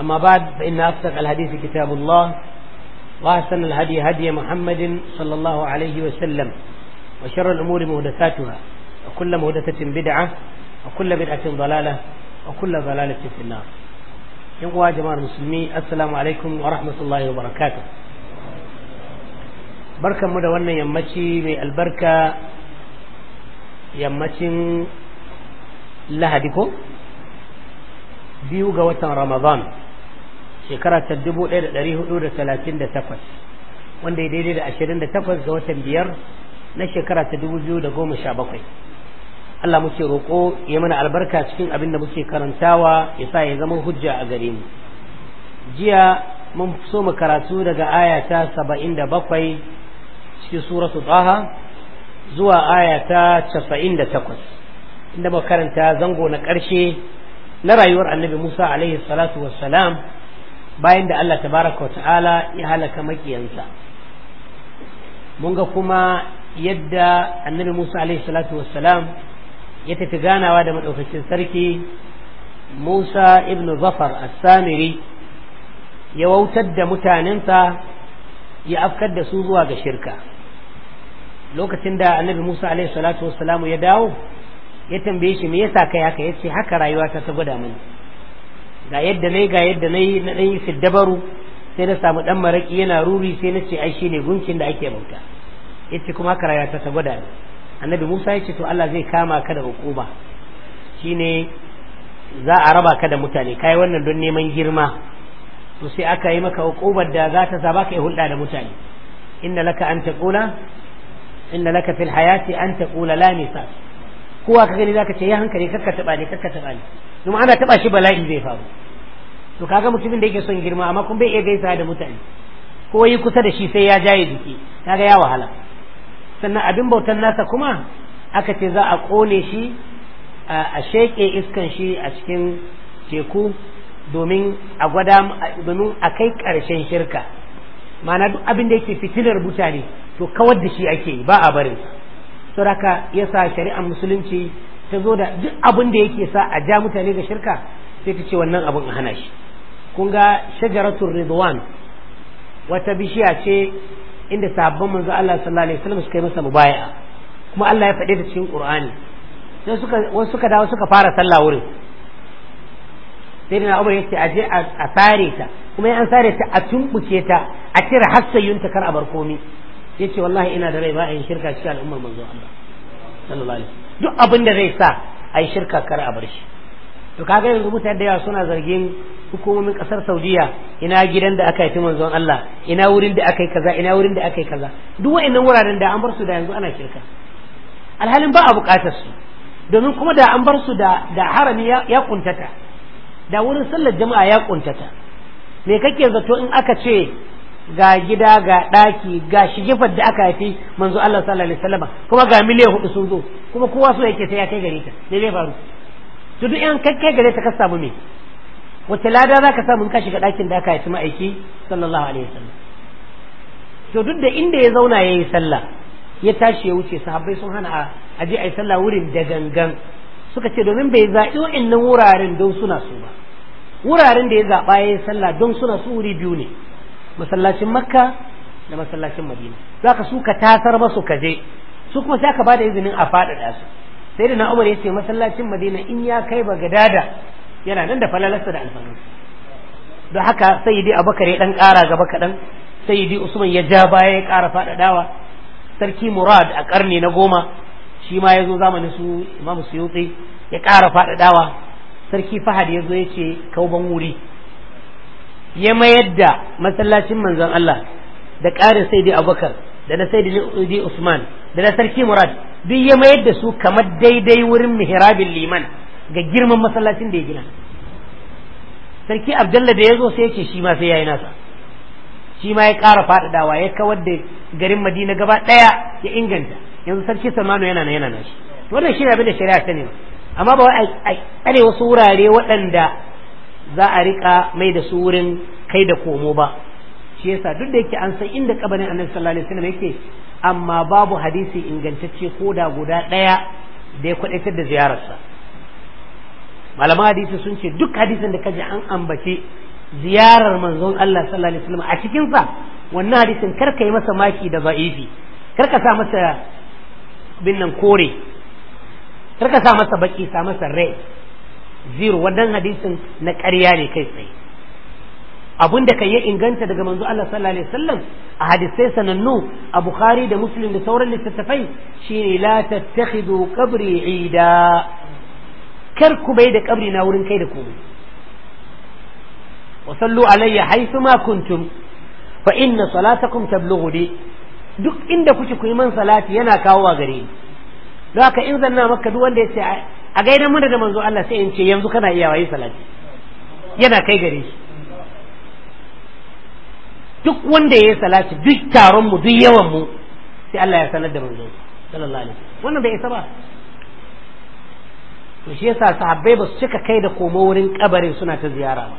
أما بعد فإن أصدق الحديث كتاب الله وأحسن الهدي هدي محمد صلى الله عليه وسلم وشر الأمور مهدثاتها وكل مهدثة بدعة وكل بدعة ضلالة وكل ضلالة في النار يقوى جماعة المسلمين السلام عليكم ورحمة الله وبركاته بركة مدى وانا يمتي من البركة يمتي لهدكم biyu ga watan ramadan shekara ta dubu ɗaya da ɗari da talatin da takwas wanda ya daidai da ashirin da takwas ga watan biyar na shekara ta dubu biyu da goma sha bakwai Allah muke roƙo ya mana albarka cikin abin da muke karantawa ya sa ya zama hujja a gare mu jiya mun so mu karatu daga aya ta saba'in da bakwai cikin suratu taha zuwa aya ta casa'in da takwas inda makaranta karanta zango na ƙarshe na rayuwar annabi musa alaihi salatu wassalam bayan da Allah tabaraka ta'ala ya halaka makiyansa mun ga kuma yadda annabi Musa alaihi salatu wassalam ya tafi ganawa da madaukakin sarki Musa ibn Zafar as-Samiri ya wautar da mutanensa ya afkar da su zuwa ga shirka lokacin da annabi Musa alaihi salatu wassalam ya dawo ya tambaye shi me yasa kai haka yace haka rayuwa ta ta gwada mani ga yadda yi ga yadda yi na dan yi siddabaru sai na samu dan maraki yana ruri sai na ce ai shine gunkin da ake bauta yace kuma karaya ta gwada ne annabi Musa yace to Allah zai kama ka da hukuma shine za a raba ka da mutane kai wannan don neman girma to sai aka yi maka hukumar da za ta sa ka yi hulɗa da mutane inna laka an taqula inna laka fil hayati an taqula la nisa kowa ka gani zaka ce ya hankali kakka taba ne kakka taba ne kuma ana taba shi bala'i zai faru to kaga mutumin da yake son girma amma kun bai iya gaisa da mutane ko yi kusa da shi sai ya jaye jiki kaga ya wahala sannan abin bautan nasa kuma aka ce za a kone shi a sheƙe iskan shi a cikin teku domin a gwada domin a kai ƙarshen shirka ma'ana duk abin da yake fitilar mutane to kawar da shi ake ba a barin ya yasa shari'ar musulunci ta zo da duk abin da yake sa a ja mutane ga shirka sai ta ce wannan abin a hana shi kun ga shajaratul ridwan wata bishiya ce inda sahabban manzo Allah sallallahu alaihi wasallam suka yi masa mubaya'a kuma Allah ya faɗe ta cikin Qur'ani sai suka wasu suka dawo suka fara sallah wurin sai da Umar yace aje a sare ta kuma an sare ta a tumbuke ta a cire ta kar a bar komi yace wallahi ina da rai ba a yin shirka cikin al'ummar manzo Allah sallallahu alaihi wasallam duk abin da zai sa a yi shirka kar a bar shi to kaga yanzu mutane da yawa suna zargin hukumomin kasar saudiya ina gidan da aka yi manzon Allah ina wurin da aka yi kaza ina wurin da aka yi kaza duk wa'annan wuraren da an bar su da yanzu ana shirka alhalin ba a bukatar su domin kuma da an bar su da da harami ya kuntata da wurin sallar jama'a ya kuntata me kake zato in aka ce ga gida ga daki ga shigifar da aka haifi manzo Allah sallallahu alaihi wasallam kuma ga miliyan hudu sun zo kuma kowa so yake sai ya kai gare ta me zai faru to duk yan kakkai gare ta ka samu me wace lada za ka samu ka shiga ɗakin da aka yi ma'aiki sallallahu alaihi wasallam to duk da inda ya zauna ya yi sallah ya tashi ya wuce sahabbai sun hana a je a yi sallah wurin da gangan suka ce domin bai zaɓi wa'annan wuraren don suna su ba wuraren da ya zaɓa ya yi sallah don suna su wuri biyu ne masallacin makka da masallacin madina za ka su ka tasar masu ka je su kuma sai ka ba da izinin a faɗaɗa su sai da na umar ya ce masallacin madina in ya kai ba gadada yana nan da falalarsa da alfanarsa don haka sayyidi abakar ya dan kara gaba kaɗan sayyidi usman ya ja baya ya ƙara faɗaɗawa sarki murad a ƙarni na goma shi ma ya zo zamanin su imam suyuti ya ƙara faɗaɗawa sarki fahad ya zo ya ce kauban wuri ya mayar da masallacin manzon Allah da ƙarin sayyidi abubakar da na sayyidi usman da na sarki murad duk ya mayar da su kamar daidai wurin mihrabin liman ga girman masallacin da ya gina sarki Abdullahi da ya zo sai ya ce shi ma sai ya yi nasa shi ma ya ƙara faɗaɗawa ya kawar da garin madina gaba ɗaya ya inganta yanzu sarki salmanu yana nan yana nan shi wannan shi abin da shari'a ta ne amma ba wai a wasu wurare waɗanda za a rika mai da su wurin kai da komo ba shi yasa duk da yake an san inda kabarin annabi sallallahu alaihi wasallam yake amma babu hadisi ingantacce ko da guda ɗaya da ya kwadaitar da ziyararsa malaman hadisi sun ce duk hadisin da kaji an ambace ziyarar manzon Allah sallallahu alaihi wasallam a cikin sa wannan hadisin karka yi masa maki da za'ifi kar sa masa bin nan kore kar sa masa baki sa masa rai zero wannan hadisin na ƙarya ne kai tsaye abun da kan yi inganta daga manzo Allah sallallahu alaihi wasallam a hadisai sanannu a Bukhari da Muslim da sauran littattafai shine la tattakhidu qabri ida kar ku bai da kabri na wurin kai da komai wa sallu alayya haythu ma kuntum fa inna salatakum tablughu li duk inda kuke ku yi man salati yana kawowa gare ni don haka in zanna maka duk wanda ya ce a gaidan mana da manzo Allah sai in ce yanzu kana iya wayi salati yana kai gare shi duk wanda ya yi salati duk taron mu duk yawan mu sai Allah ya sanar da manzo sallallahu alaihi wannan bai isa ba to shi yasa sahabbai ba su cika kai da komo wurin kabarin suna ta ziyara ba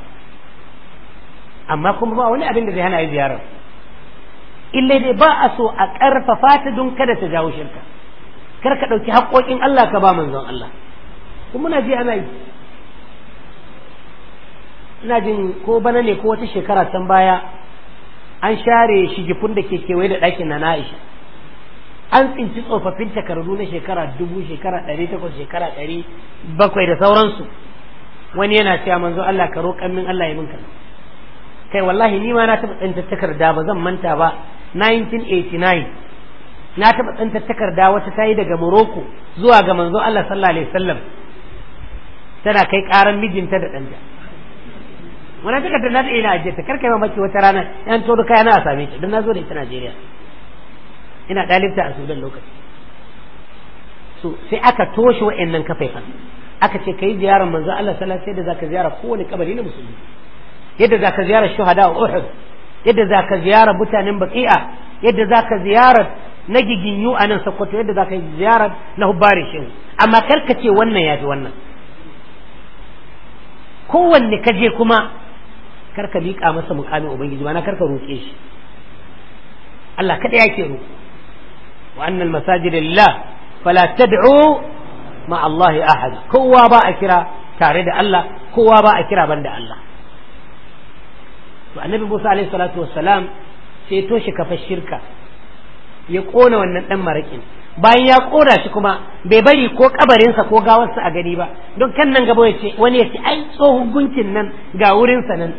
amma kuma ba wani abin da zai hana yi ziyarar illai dai ba a so a karfafa ta don kada ta jawo shirka kar ka ɗauki haƙoƙin Allah ka ba manzon Allah kuma muna ji ana yi ina jin ko bana ne ko wata shekara can baya an share shigifun da ke kewaye da ɗakin na Aisha an tsinci tsofaffin takardu na shekara dubu shekara ɗari takwas shekara ɗari bakwai da sauransu wani yana cewa manzo Allah ka roƙan min Allah ya minka kai wallahi ni ma na taɓa tsinta takarda ba zan manta ba 1989 na taɓa tsinta takarda wata ta yi daga Morocco zuwa ga manzo Allah sallallahu alaihi wasallam tana kai ƙaran mijinta da ɗanta wannan takardar na da ina ajiyarta kar kai mamaki wata rana yan todo kaya na a same ta don na zo da ita Najeriya ina dalibta a sudan lokaci so sai aka toshe wa'annan kafaifan aka ce kai ziyarar manzo Allah sallallahu alaihi wasallam da zaka ziyara kowane kabari na musulmi yadda zaka ziyara shuhada a Uhud yadda zaka ziyara mutanen Baqi'a yadda zaka ziyara na giginyu a nan Sokoto yadda zaka ziyara na Hubari shehu amma karka ce wannan yafi wannan kowanne ka je kuma karka miƙa masa mukamin ubangiji ma na karka roƙe shi Allah kada yake roƙo wa'annan annal masajid fala tad'u ma Allah ahad kowa ba a kira tare da Allah kowa ba a kira banda Allah to annabi Musa alaihi salatu wassalam sai ya toshe kafar shirka ya kona wannan dan marakin bayan ya kona shi kuma bai bari ko kabarinsa ko gawarsa a gani ba don kan nan gaba yace wani yace ai tsohon gunkin nan ga wurinsa nan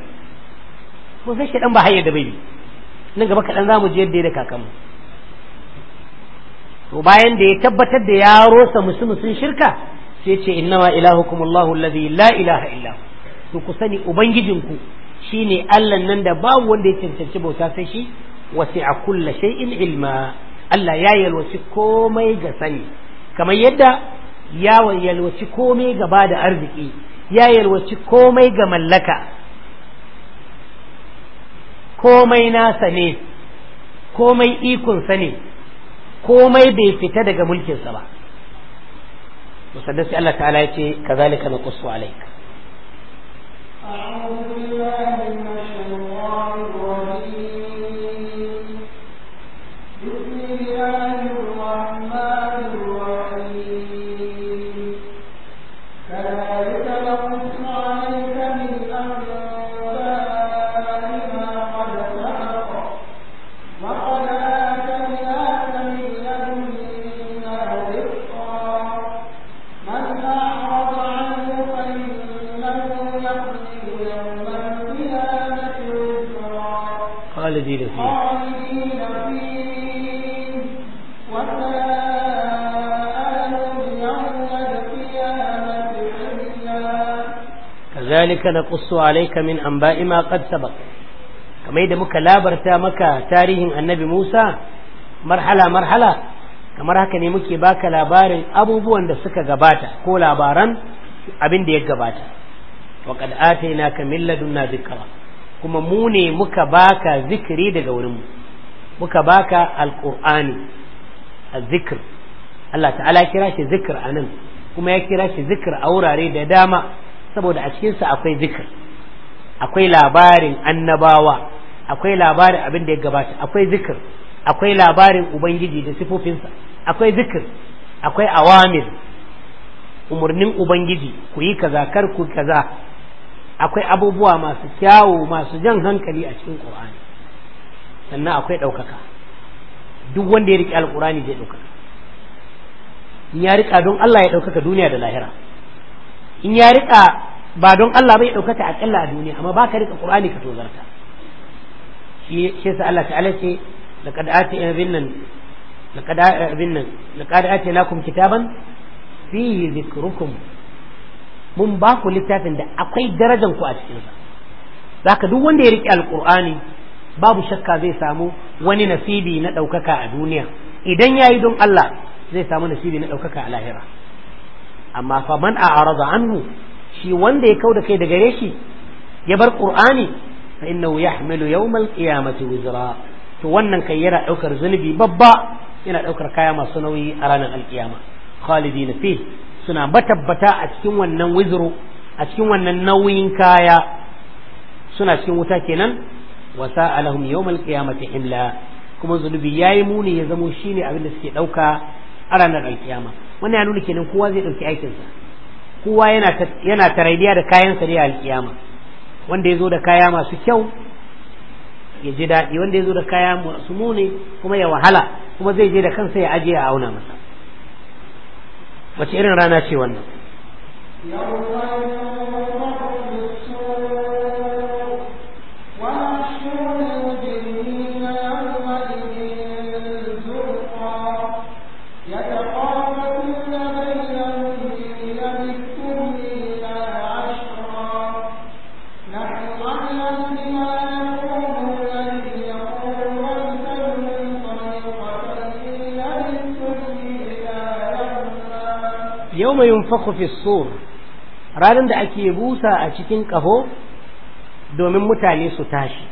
ko sai shi dan ba hayya da bai nan gaba kaɗan za mu je yadda da kakanmu to bayan da ya tabbatar da ya musulmi sun shirka sai ce innama ilahukum Allahu allazi la ilaha illa to ku sani ubangijinku shine Allah nan da babu wanda ya cancanci bauta sai shi wasi'a kulla shay'in ilma Allah ya yalwaci komai ga sani kamar yadda ya yalwaci komai gaba da arziki ya yalwaci komai ga mallaka komai nasa ne komai ikonsa ne komai bai fita daga mulkinsa ba musaddasi sai Allah ta'ala ya ce kazalika naqussu alayka أعوذ بالله zalika naqussu alayka min anba'i muka labarta maka tarihin annabi Musa marhala marhala kamar haka ne muke baka labarin abubuwan da suka gabata ko labaran abin ya gabata wa qad kuma mu ne muka baka zikiri daga wurin mu muka baka alqur'ani azzikr Allah ta'ala kira zikir a nan kuma ya kira ki zikir a wurare da dama saboda a cikinsa akwai zikir akwai labarin annabawa akwai labarin abin da ya gabata akwai zikir akwai labarin ubangiji da sifofinsa akwai zikir akwai awamir umarnin ubangiji ku yi kaza kar ku kaza akwai abubuwa masu kyawu masu jan hankali a cikin qur'ani sannan akwai ɗaukaka duk wanda ya riƙe alƙur'ani zai ɗaukaka in ya riƙa don Allah ya ɗaukaka duniya da lahira in ya rika ba don Allah bai a akalla a duniya amma baka rika qur'ani ka tozarta shi shi sa Allah ta'ala ce laqad ati binnan laqad binnan laqad lakum kitaban fi dhikrukum mun ba ku littafin da akwai darajan ku a cikin sa zaka duk wanda ya rike alqur'ani babu shakka zai samu wani nasibi na daukaka a duniya idan yayi don Allah zai samu nasibi na daukaka a lahira amma fa man a'rada anhu shi wanda ya kauda kai da gare shi ya bar qur'ani fa innahu yahmilu yawmal qiyamati wizra to wannan kai yana daukar zunubi babba yana daukar kaya masu nauyi a ranar alkiyama khalidin fi suna matabbata a cikin wannan wizru a cikin wannan nauyin kaya suna cikin wuta kenan wa sa'alahum yawmal qiyamati himla kuma zunubi yayi muni ya zamo shine abin da suke dauka a ranar alkiyama wannan ya nuna kenan kowa zai ɗauki aikinsa kowa yana tarayya da kayansa ne a alkiyama wanda ya zo da kaya masu kyau ya ji daɗi wanda ya zo da kaya masu muni kuma ya wahala kuma zai je da kansa ya ajiye a auna masa wace irin rana ce wannan yawma yunfakhu fi sur ranar da ake busa a cikin kaho domin mutane su tashi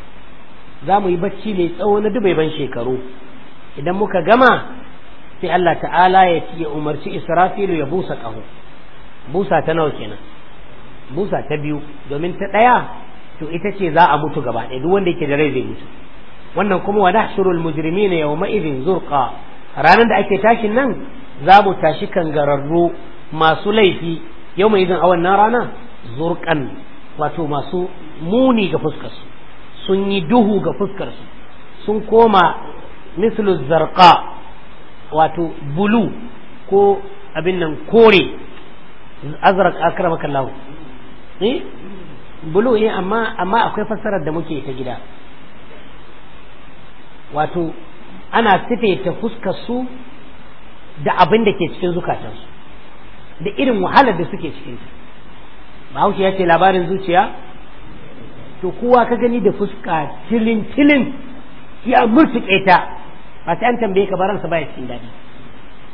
za mu yi bacci mai tsawo na dubai ban shekaru idan muka gama sai Allah ta'ala ya ya umarci Israfilu ya busa kaho busa ta nawa kenan busa ta biyu domin ta ɗaya to ita ce za a mutu gaba ɗaya duk wanda yake da rai zai mutu wannan kuma wa nahshurul mujrimina yawma idhin zurqa ranar da ake tashin nan za mu tashi kangararru masu laifi yau mai izin a wannan rana zurkan wato masu muni ga fuskarsu sun yi duhu ga fuskarsu sun koma mislu zarqa wato bulu ko abin nan kore azraq akramaka Allah eh bulu ne eh, amma akwai fassarar da muke ta gida wato ana sife fuskarsu da abin da ke cikin zukatansu da irin wahalar da suke cikin bahaushe ya ce labarin zuciya to kowa ka gani da fuska tilin tilin ya murtuƙe ta ba sai an tambaye ka baransa baya cikin daɗi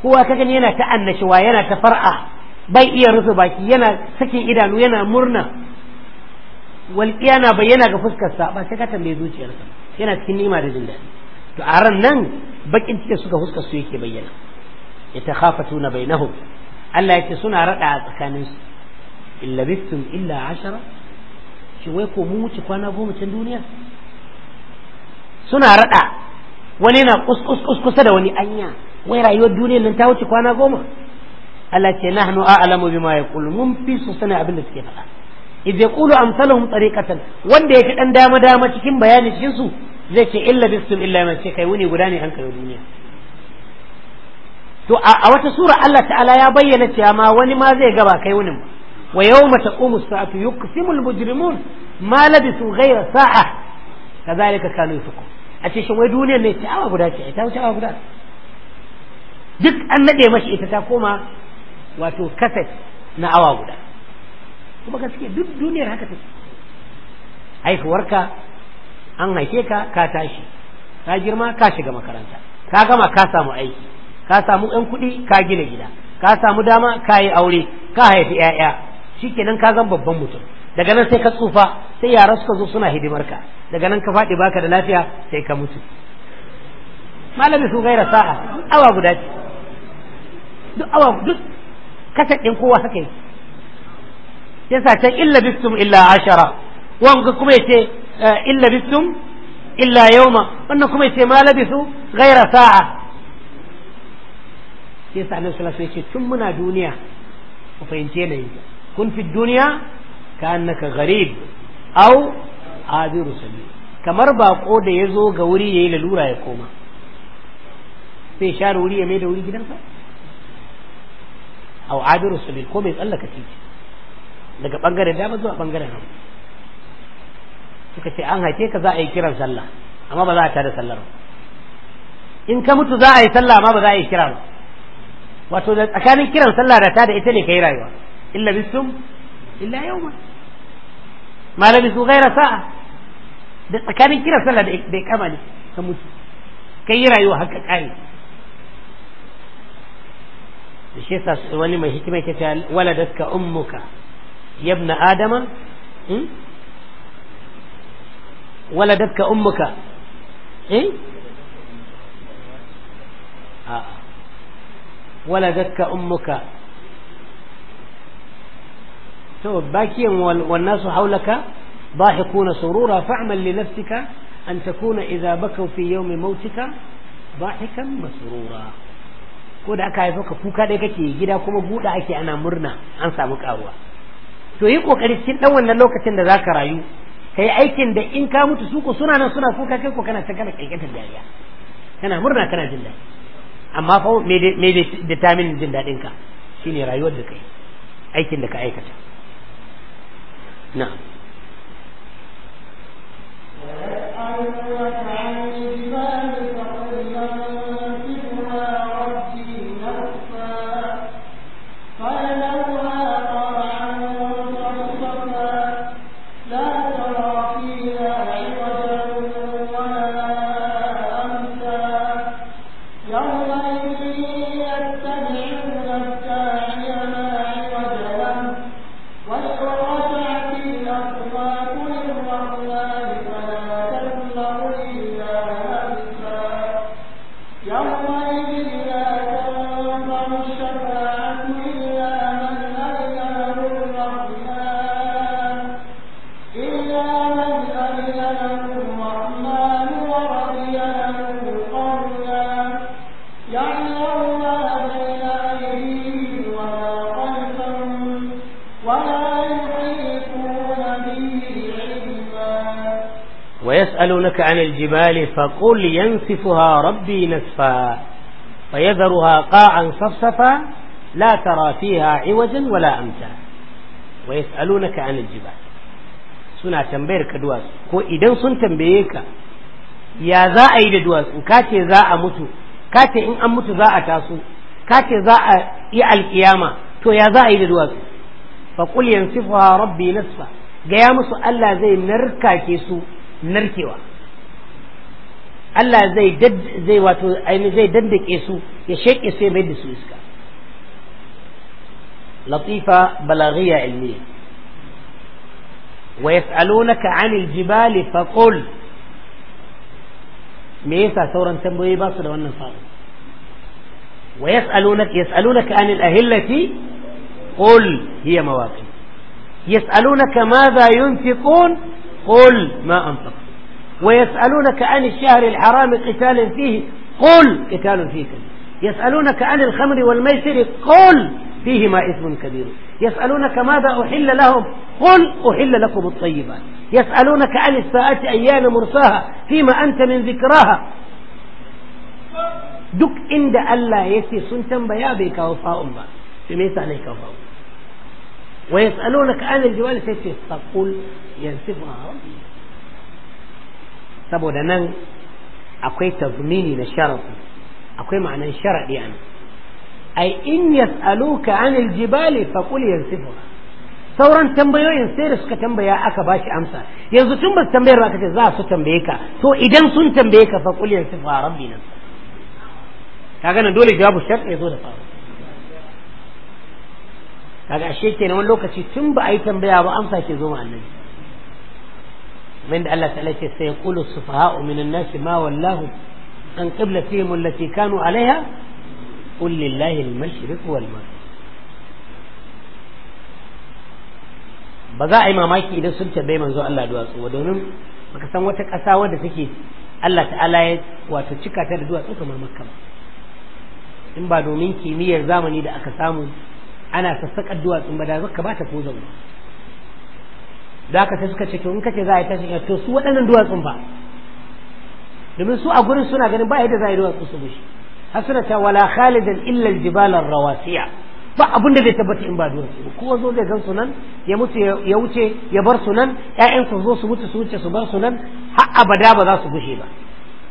kowa ka gani yana ta annashuwa yana ta far'a bai iya rufe baki yana sakin idanu yana murna walƙiya na bayyana ga fuskarsa ba sai ka tambaye zuciyarsa yana cikin nima da jin daɗi to a ran nan bakin cikin suka fuskar su yake bayyana ya ta khafatuna bainahum Allah ya ce suna raɗa a tsakaninsu in labistum illa ashara shi wai ko mun wuce kwana goma can duniya suna raɗa wani na kus kusa da wani anya wai rayuwar duniyar nan ta wuce kwana goma Allah ce na hannu nahnu ma ya yaqulu mun fi su sana abin da suke faɗa Idan idh yaqulu amsaluhum tariqatan wanda ya fi dan dama dama cikin bayanin cikin su zai ce illa bistum illa mai ce kai wuni guda ne an kai duniya to a wata sura Allah ta'ala ya bayyana cewa ma wani ma zai gaba kai wani wa yawma taqumu as-sa'atu yuqsimu al-mujrimun ma labisu ghayra sa'a kadhalika kanu yufakun a ce shi wai duniyar ne ta'awa guda ce ita awa guda duk an nade mashi ita ta koma wato kaset na awa guda kuma gaske duk duniyar haka take haifuwarka an haife ka ka tashi ka girma ka shiga makaranta ka gama ka samu aiki ka samu ɗan kuɗi ka gina gida ka samu dama ka yi aure ka haifi ƴaƴa shikenan ka zan babban mutum daga nan sai ka tsufa sai yara suka zo suna hidimar ka daga nan ka faɗi baka da lafiya sai ka mutu malami su gaira sa'a awa guda ce duk awa duk kasar ɗin kowa haka yake yasa can illa bistum illa ashara wanga kuma ya ce eh, illa bistum illa yauma wannan kuma ya ce ma su gaira sa'a sai sa annabi sallallahu alaihi wasallam tun muna duniya ku fahimce ne kun fi duniya ka annaka gharib aw abiru sabi kamar bako da ya zo ga wuri yayi lalura ya koma sai share wuri ya mai da wuri gidansa aw abiru sabi ko mai tsallaka titi daga bangaren dama zuwa bangaren hagu suka ce an haife ka za a yi kiran sallah amma ba za a tada sallar in ka mutu za a yi sallah amma ba za a yi kiran ba wato da tsakanin kiran sallah da ta da ita ne kai rayuwa illa bisum illa yawma ma labisu ghaira sa'a da tsakanin kiran sallah da da kama ne ka mutu kai rayuwa haka kai da shi yasa wani mai hikima yake cewa waladatka ummuka yabna adama hmm? waladatka ummuka eh a'a ولدتك أمك تو باكيا والناس حولك ضاحكون سرورا فاعمل لنفسك أن تكون إذا بكوا في يوم موتك ضاحكا مسرورا ko da aka haifa ka kuka dai kake gida kuma buɗe ake ana murna an samu ƙaruwa to yi kokari cikin dan wannan lokacin da za ka rayu ka yi aikin da in ka mutu su ko suna nan suna kuka kai ko kana ta kana kaikatar dariya kana murna kana jin daɗi amma fa me da determine jin daɗin ka shine rayuwar da kai aikin da ka aikata na. aljibali fa. عن الجبال فقل ينسفها ربي نسفا فيذرها قاعا صفصفا لا ترى فيها عوجا ولا أمتا ويسألونك عن الجبال suna tambayar ka duwatsu ko idan sun tambaye ka ya za a yi da duwatsu ka ce za a mutu ka ce in an mutu za a taso ka ce za a yi alkiyama to ya za a yi da duwatsu fa qul yansifuha rabbi nasfa gaya musu Allah zai narkake su narkewa Allah zai zai wato aini zai dandake su ya sheke su ya mai da su iska latifa balaghiya ilmiya wa yas'alunaka 'anil jibali faqul me yasa sauran tambayoyi ba su da wannan faru wa yas'alunaka yas'alunaka 'anil ahillati qul hiya mawaqit yas'alunaka madha yunfiqun qul ma anfaq ويسألونك عن الشهر الحرام قتال فيه قل قتال فيه كبير يسألونك عن الخمر والميسر قل فيهما إثم كبير يسألونك ماذا أحل لهم قل أحل لكم الطيبات يسألونك عن الساعة أيان مرساها فيما أنت من ذكراها دك عند ألا يسي سنتا بيا tambaya وفاء kawo fa'un ba to me yasa ne kawo fa'un ربي saboda nan akwai tazmini na sharafi akwai ma'anan sharaɗi an ai in yas'aluka anil jibali qul yansifuha sauran tambayoyin sai da suka tambaya aka ba shi amsa yanzu tun ba su tambayar ba kace za su tambaye ka to idan sun tambaye ka fa qul yansifuha rabbi nan kaga nan dole jawabu shar ya zo da faru kaga ashe kenan wani lokaci tun ba a yi tambaya ba amsa ke zo ma annabi من الله تعالى سيقول السفهاء من الناس ما ولاهم عن قبلتهم التي كانوا عليها قل لله المشرق والمغرب ba za a yi mamaki idan sun tabbai manzo Allah duwatsu ba domin baka san wata ƙasa wadda take Allah ta'ala ya wato cika ta da duwatsu kamar makka ba in ba domin kimiyyar zamani da aka samu ana sassaƙar duwatsun ba da zaka ba ta ko zauna da aka suka ce to in kace za a yi tashin to su waɗannan duwatsun ba domin su a gurin suna ganin ba yadda za a yi duwatsu su bushe har suna ta wala khalidan illa aljibalar rawasiya ba abin da zai tabbata in ba duwatsu ba kowa zo zai gan su nan ya mutu ya wuce ya bar su nan ƴaƴan su zo su mutu su wuce su bar su nan har abada ba za su bushe ba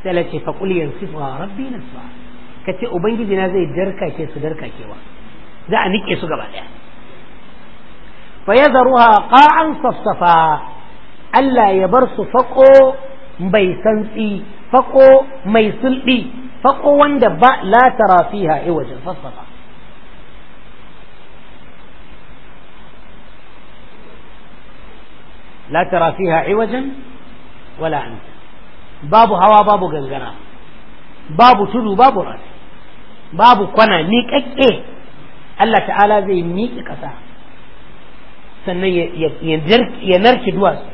sai la ce fa qul yansifu rabbi nasfa kace ubangiji na zai darkake su darkakewa za a nike su gaba daya فيذرها قاعا صفصفا ألا يبرس فقو مبيسنسي فقو ميسلبي فقو واندباء لا ترى فيها إوجا صفصفا لا ترى فيها عوجا ولا أنت باب هوا باب غنغنا باب تلو باب رأس باب قنا نيك ايه الله تعالى زي نيك sannan ya narki duwatsu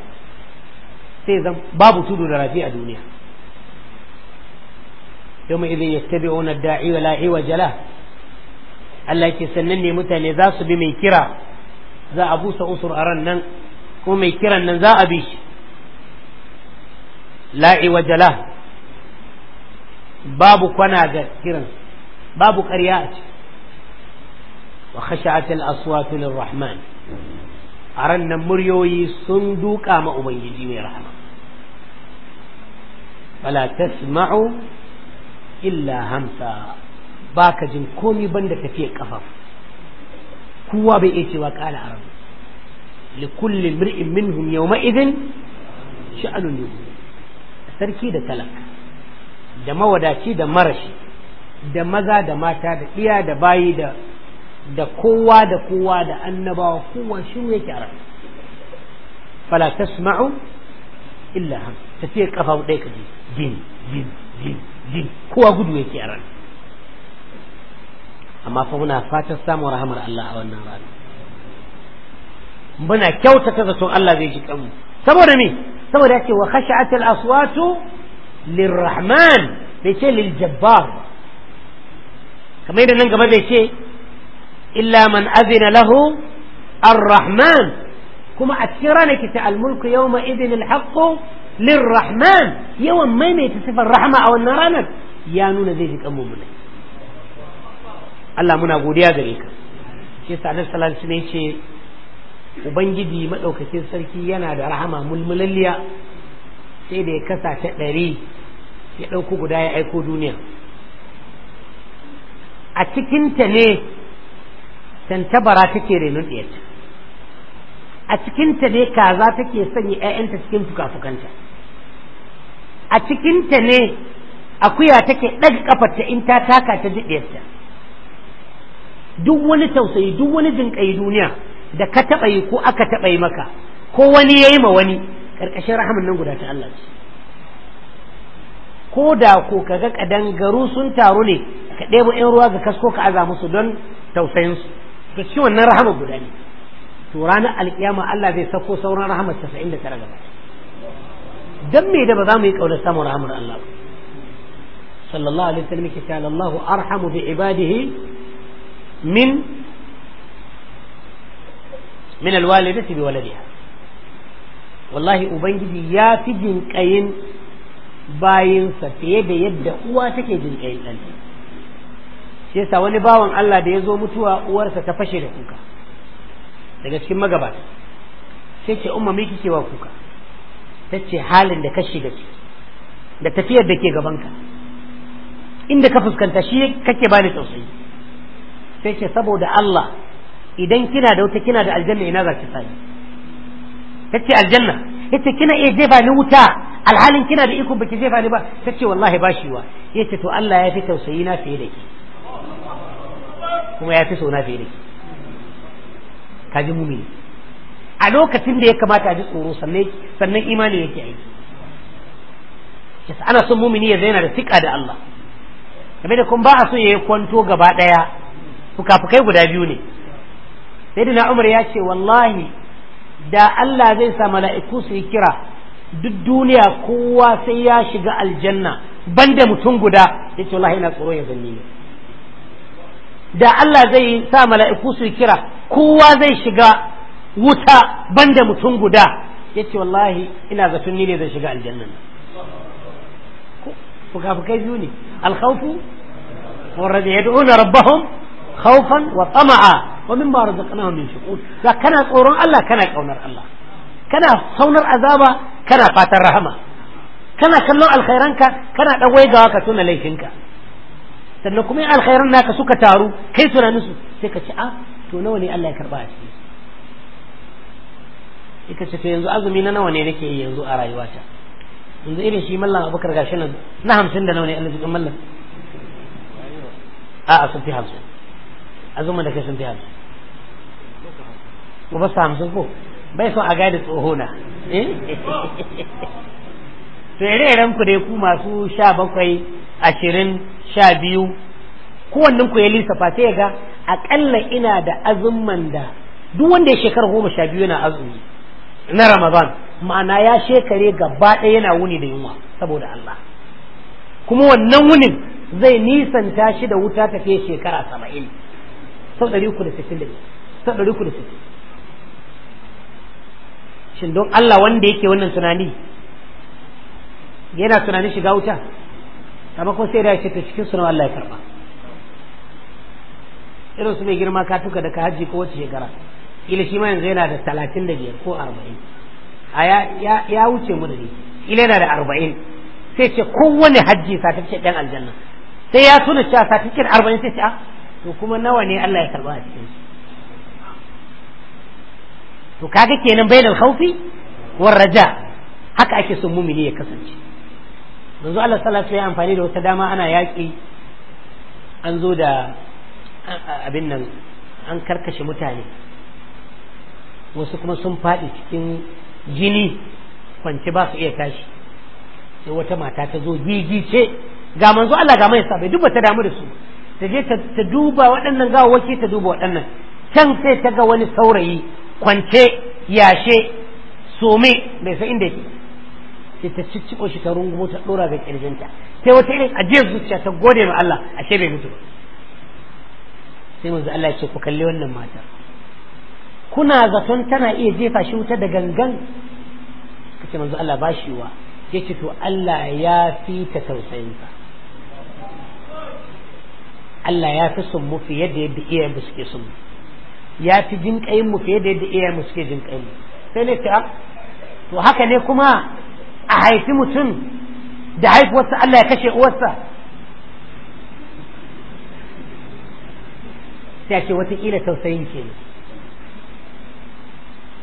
sai zan babu tudu da rafi a duniya yau idan ya tabi ona da'i wa la'i wa jala Allah ke sannan ne mutane za su bi mai kira za a busa usur aran nan ko mai kiran nan za a bi shi la'i wa jala babu kwana ga kiran babu ƙarya a ciki wa khashi'atil aswatu lirrahman a nan muryoyi sun duka ma ubangiji mai rahama fala tasma'u illa hamsa baka jin komi banda tafiyar kafa kowa bai iya cewa kala a rabu likulli mir'in minhum yawma idin sha'anun yuhu sarki da talaka da mawadaci da marashi da maza da mata da iya da bayi da da kowa da kowa da annabawa kowa shiru yake a fala tasma'u illa ham tafiya kafa ɗaya kaji din din din din kowa gudu yake a amma fa muna fatan samun rahamar Allah a wannan rana muna kyautata zaton Allah zai ji kanmu saboda me saboda yake wa khashatil aswatu lirrahman bai ce liljabbar kamar yadda nan gaba bai ce illa man azina lahu ar-rahman kuma a cikin ranar kita al-mulku yawma idin al-haqqu lirrahman yawan maimaita sifar rahama a wannan ranar ya nuna zai ji kanmu Allah muna godiya gare ka shi yasa Annabi Salatu alaihi ce ubangiji madaukakin sarki yana da rahama mulmulalliya sai da ya kasa ta ɗari ya ɗauko guda ya aiko duniya a cikinta ne tantabara take renon ɗiyarta a cikinta ne kaza take sanya 'ya'yanta cikin fuka-fukanta a cikinta ne akuya take ɗaga ƙafarta in ta taka ta jiɗiyarta duk wani tausayi duk wani jinƙai duniya da ka taɓa yi ko aka taɓa yi maka ko wani ya yi ma wani ƙarƙashin rahamin nan guda ta Allah ce ko da ko ka ga kadangaru sun taru ne ka ɗebo 'yan ruwa ga kasko ka aza musu don tausayinsu to cikin wannan rahama guda ne to ranar alkiyama Allah zai sako sauran rahamar 99 gaba dan me da ba za mu yi kaunar samun rahamar Allah sallallahu alaihi wasallam ke cewa Allah arhamu bi ibadihi min min alwalidati bi waladiha wallahi ubangiji ya fi jinkayin bayinsa fiye da yadda uwa take jinkayin ɗanta shi yasa wani bawan Allah da ya zo mutuwa uwarsa ta fashe da kuka daga cikin magabata sai ce umma me kike wa kuka ta ce halin da ka shiga ciki da tafiyar da ke gabanka inda ka fuskanta shi kake bani tausayi sai ce saboda Allah idan kina da wuta kina da aljanna ina za ki sani ce aljanna Ya ce kina iya jefa ni wuta alhalin kina da iko baki jefa ni ba Ta ce wallahi wa. Ya ce to Allah ya fi tausayi na fiye da ke kuma ya fi sona fiye ka ji mumi a lokacin da ya kamata a ji tsoro sannan imani yake aiki sa ana son mumini ya zaina da siƙa da Allah game da kun ba a so ya yi kwanto gaba ɗaya fuka-fukai guda biyu ne sai na umar ya ce wallahi da Allah zai sa mala'iku su yi kira duk duniya kowa sai ya shiga aljanna banda mutum guda ya ce wallahi ina tsoro ya zanni ne da Allah zai yi sa mala’iku su kira kowa zai shiga wuta banda mutum guda ya ce wallahi ina zafin ne zai shiga aljannan fuka-fukai biyu ne alkhaufu warrabe ya da'una rabbahum khaufan wa tsama'a wa min ba razaqna kana min shukur za kana tsoron Allah kana kaunar Allah kana saunar azaba kana fatan rahama kana kallon alkhairanka kana dan waigawa ka tuna laifinka sannan kuma in alkhairan naka suka taru kai tunanin nusu sai ka ce a ah, to nawa ne Allah ya karba a cikin sai ka ce to yanzu azumi na nawa ne nake yi yanzu a rayuwata yanzu irin shi mallam abubakar gashi na na hamsin da nawa ne Allah jikin mallam a'a sun fi hamsin azumin da kai sun fi hamsin ko ba su hamsin ko bai son a da tsoho na eh? to ire-iren ku dai ku masu sha bakwai ashirin sha biyu kowannen ku ya lissafa sai ga akalla ina da azumman da duk wanda ya shekara goma sha biyu yana azumi na ramadan ma'ana ya shekare gaba ɗaya yana wuni da yunwa saboda Allah kuma wannan wunin zai nisanta shi da wuta tafiye shekara saba'in sau ɗari uku da sittin da sau ɗari uku da sittin shin don Allah wanda yake wannan tunani yana tunanin shiga wuta amma kuma sai da ce ta cikin sunan Allah ya karba irin su mai girma ka tuka daga hajji haji ko wace shekara ila shi ma yanzu yana da talatin da biyar ko arba'in a ya wuce mu da ni ila yana da arba'in sai ce kowane hajji satifiket ɗan aljanna sai ya tuna cewa satifiket arba'in sai ce a ah, to kuma nawa ne Allah ya karba a cikin to kaga kenan bai da haufi war raja haka ake son mumini ya kasance manzo Allah sallallahu alaihi amfani da wata dama ana yaƙi an zo da abin nan an karkashe mutane wasu kuma sun faɗi cikin jini kwance ba su iya tashi sai wata mata ta zo gigi ce ga manzo Allah ga mai sabai duk bata damu da su ta je ta duba waɗannan gawawwaki ta duba waɗannan can sai ta ga wani saurayi kwance yashe some bai san inda yake sai ta cicciɓo shi ta rungumo ta ɗora ga ƙirjinta sai wata irin ajiyar zuciya ta gode ma Allah ce bai mutu ba sai manzo Allah ya ce ku kalli wannan mata kuna zaton tana iya jefa shi wuta da gangan kace manzo Allah ba shi wa yace to Allah ya fi ta tausayinsa Allah ya fi sun mu fiye da yadda iyayen mu suke sun mu ya fi jin kayin mu fiye da yadda iyayen mu suke jin kayin mu sai ne ta ah, to haka ne kuma a haifi mutum da haifuwarsa Allah ya kashe uwarsa sai ce watakila tausayin ke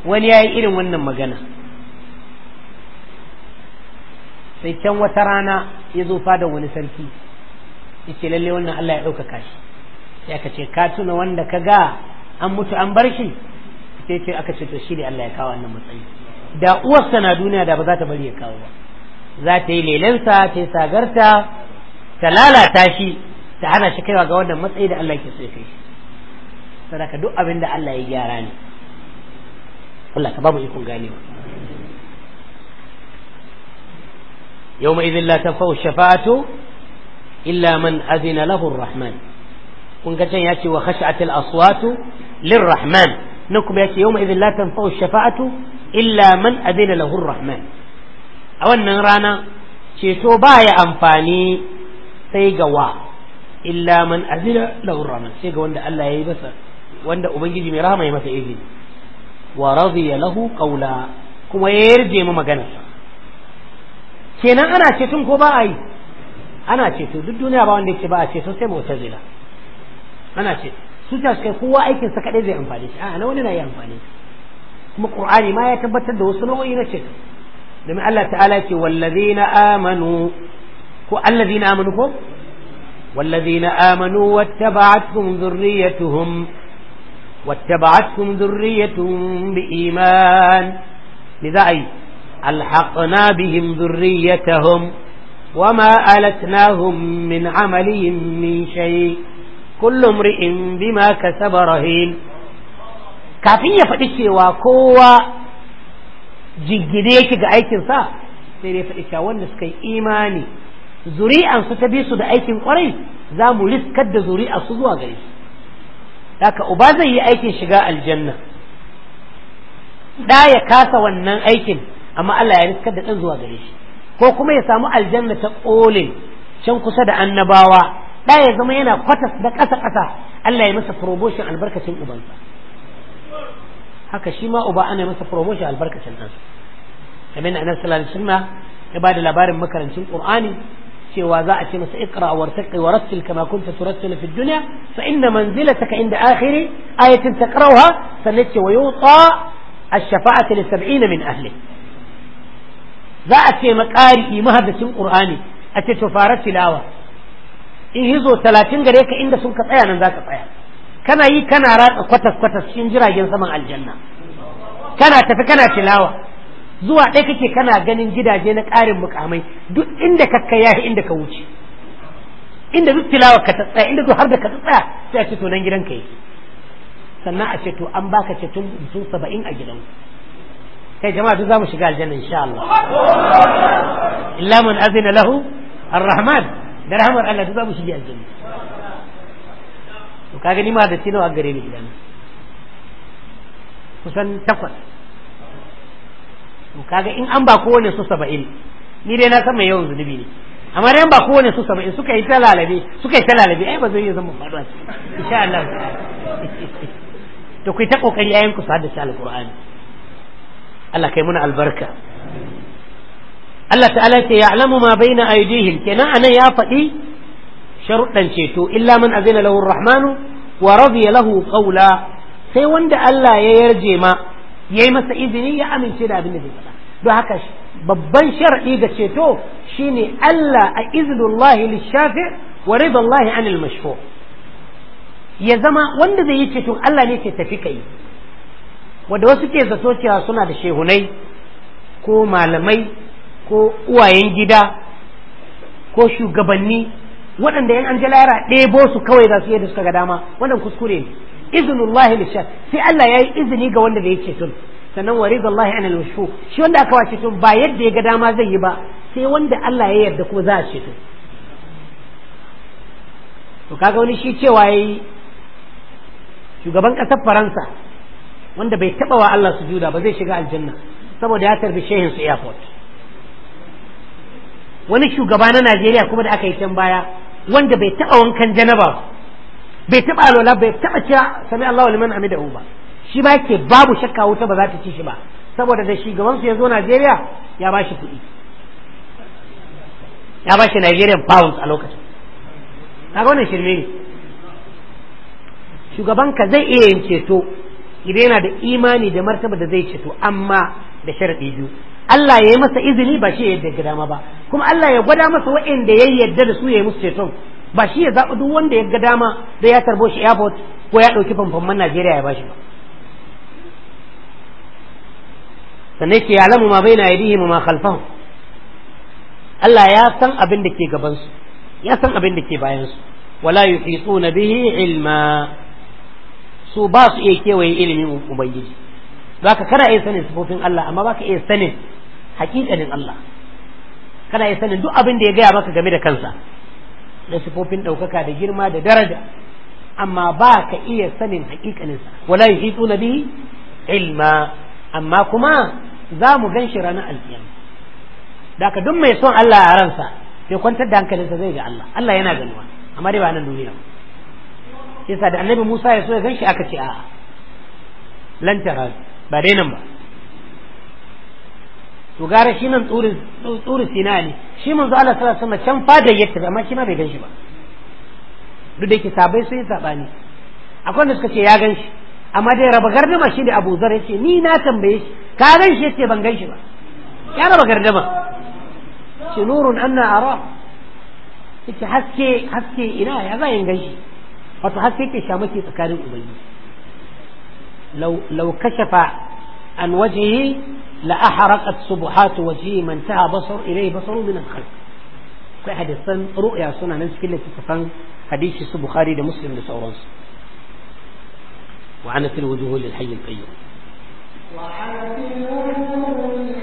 wani ya yi irin wannan magana sai can wata rana ya zo fada wani sarki ya ce lalle wannan Allah ya ɗaukaka shi sai aka ce ka tuna wanda ka ga an mutu an bar shi sai ce aka ce to shi ne Allah ya kawo wannan matsayi da uwarsa na duniya da ba za ta bari ya kawo ba za ta yi lelensa ta yi sagarta ta lalata shi ta hana shi kaiwa ga wannan matsayi da Allah ke so ya kai shi sadaka duk abin da Allah ya gyara ne Allah ka ba mu ikon ganewa yawma idhin la tanfa'u shafa'atu illa man azina lahu ar-rahman kun ga can yace wa khash'atil aswatu lirrahman nan kuma yace yawma idhin la tanfa'u shafa'atu illa man adina lahu rahman a wannan rana ceto baya amfani sai ga wa illa man azina lahu rahman sai ga wanda Allah ya yi masa wanda ubangiji mai rahama ya masa izini wa radiya lahu qawla kuma ya yarje mu magana kenan ana ceton ko ba a yi ana ceto duk duniya ba wanda yake ba a ceto sai mu'tazila ana ce su ta kai kowa aikin sa kadai zai amfani shi a na wani na yi amfani shi kuma qur'ani ma ya tabbatar da wasu nau'i na ceto domin Allah ta'ala ce wallazina amanu ko allazina amanu ko wallazina amanu wattaba'atkum dhurriyyatuhum wattaba'atkum dhurriyyatuhum biiman lidai alhaqna bihim dhurriyyatahum wama alatnahum min amalihim min shay kullu امرئ bima كسب رهين kafin ya faɗi cewa kowa jingine yake ga aikinsa sai dai faɗi cewa wanda suka yi imani zuri'ansu ta bi su da aikin kwarai za mu riskar da su zuwa gare su uba zai yi aikin shiga aljanna da ya kasa wannan aikin amma Allah ya riskar da ɗan zuwa gare shi ko kuma ya samu aljanna ta ƙolin can kusa da annabawa da ya zama yana kwatas da ƙasa ƙasa Allah ya masa promotion albarkacin ubansa haka shi ma uba ana masa promotion albarkacin ɗansa kamar na annabi sallallahu alaihi wasallam ya bada labarin makarancin qur'ani cewa za a ce masa iqra wa rtaqi wa rattil kama kunta turattil fi dunya fa inna manzilataka inda akhiri ayatin taqra'uha ce wa yuta ash-shafa'atu li 70 min ahli za a ce maqari mahaddacin qur'ani a ce to fara tilawa in hizo 30 gare ka inda sun ka tsaya nan za ka tsaya kana yi kana ratsa kwatas kwatas cikin jiragen saman aljanna kana tafi kana tilawa zuwa ɗaya kake kana ganin gidaje na ƙarin mukamai duk inda ka kai yahi inda ka wuce inda duk tilawa ka ta tsaya inda duk har da ka tsaya sai a ce to nan ka yake sannan a ce to an baka ce tun su saba'in a gidan. kai jama'a duk za mu shiga aljanna insha Allah illa man azina lahu arrahman da rahmar Allah duk za mu shiga aljanna to kage ni ma da tino a gare ni gidan kusan takwas to kage in an ba kowane su saba'in ni dai na san mai yawan zunubi ne amma dai ba kowane su saba'in suka yi ta lalabe suka yi ta lalabe ai ba zai yi zama faɗuwa insha Allah to kai ta kokari ayin ku sa da shi alqur'ani Allah kai muna albarka Allah ta'ala ya ya'lamu ma bayna aydihim kenan anan ya faɗi sharuɗan ceto illa man azina lahu rahmanu wa radiya lahu qawla sai wanda Allah ya yarje ma yayi masa izini ya amince da abin da zai faɗa don haka babban shar'i ga ceto shine Allah a iznullahi lishafi wa ridallahi anil mashfu ya zama wanda zai yi ceton Allah ne ke tafi kai wanda wasu ke zato cewa suna da shehunai ko malamai ko uwayen gida ko shugabanni waɗanda yan an ji lahira ɗebo su kawai za su yi da suka ga dama wannan kuskure ne iznullahi nishad. sai Allah ya yi izini ga wanda ya ceton sannan wa ridallahi anil mashu shi wanda aka wace tun ba yadda ya ga dama zai yi ba sai wanda Allah ya yarda ko za a ceto to kaga wani shi cewa yayi shugaban ƙasar Faransa wanda bai taɓa wa Allah su juda ba zai shiga aljanna saboda ya tarbi shehin su airport wani shugaba na Najeriya kuma da aka yi can baya wanda bai taɓa wankan janaba bai taɓa alwala bai taɓa cewa sami Allahu liman hamidahu ba shi ba yake babu shakka wuta ba za ta ci shi ba saboda da shugaban su ya zo Najeriya ya ba shi kuɗi ya ba shi Najeriya pounds a lokacin ga wannan shirme ne shugaban zai iya yin ceto idan yana da imani da martaba da zai ceto amma da sharaɗi biyu Allah ya yi masa izini ba shi ya yadda ga dama ba kuma Allah ya gwada masa waɗanda ya yadda da su ya yi musu ceton ba shi ya zaɓi duk wanda ya ga dama da ya tarbo shi airport ko ya ɗauki famfamman Najeriya ya bashi ba sannan ke ya lamu ma bai na yadihi ma khalfahu Allah ya san abin da ke gabansu ya san abin da ke bayansu wala na bihi ilma su ba su iya kewaye ilimin ubangiji baka kana iya sanin sufofin Allah amma baka iya sanin hakikanin Allah kana ya sanin duk abin da ya gaya maka game da kansa da sifofin ɗaukaka da girma da daraja amma ba ka iya sanin hakikaninsa wala yuhitu bi ilma amma kuma za mu gan shi ranar alkiyama da ka duk mai son Allah a ransa sai kwantar da hankalinsa zai ga Allah Allah yana ganuwa amma dai ba nan duniya yasa da annabi Musa ya so ya gan shi aka ce a'a lantara ba dai nan ba to gara shi nan tsuri sina ne shi zo ala sallallahu alaihi can fada yake amma shi ma bai gan shi ba duk da yake sabai sun yi sabani akwai da suka ce ya gan shi amma dai raba gardama shi ne Abu Zar yace ni na tambaye shi ka gan shi yace ban gan shi ba ya raba gardama ce nurun anna ara yace haske haske ina ya zan gan shi wato haske ke shamaki tsakanin ubangiji lau law kashafa عن وجهه لأحرقت سبحات وجهه من تهى بصر إليه بصر من الخلق في حديث رؤيا سنة نفس كلة تفن حديث البخاري لمسلم لسورانس وعنت الوجوه للحي القيوم وعنت الوجوه للحي القيوم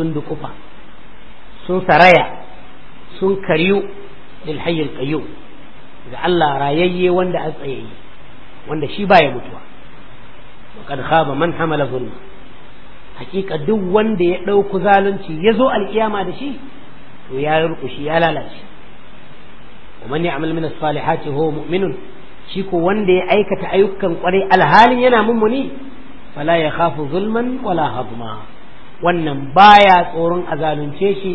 sun duƙufa sun saraya sun karyu lil hayyil qayyum ga Allah rayayye wanda a tsayayye wanda shi baya mutuwa wa kad khaba man hamala zulma hakika duk wanda ya ɗauku zalunci ya zo alƙiyama da shi to ya rukushi ya lalace wa man ya'mal min as-salihati huwa mu'minun shi ko wanda ya aikata ayyukan kwarai alhalin yana mummuni fala ya khafu zulman wala hadma wannan baya tsoron azalunce shi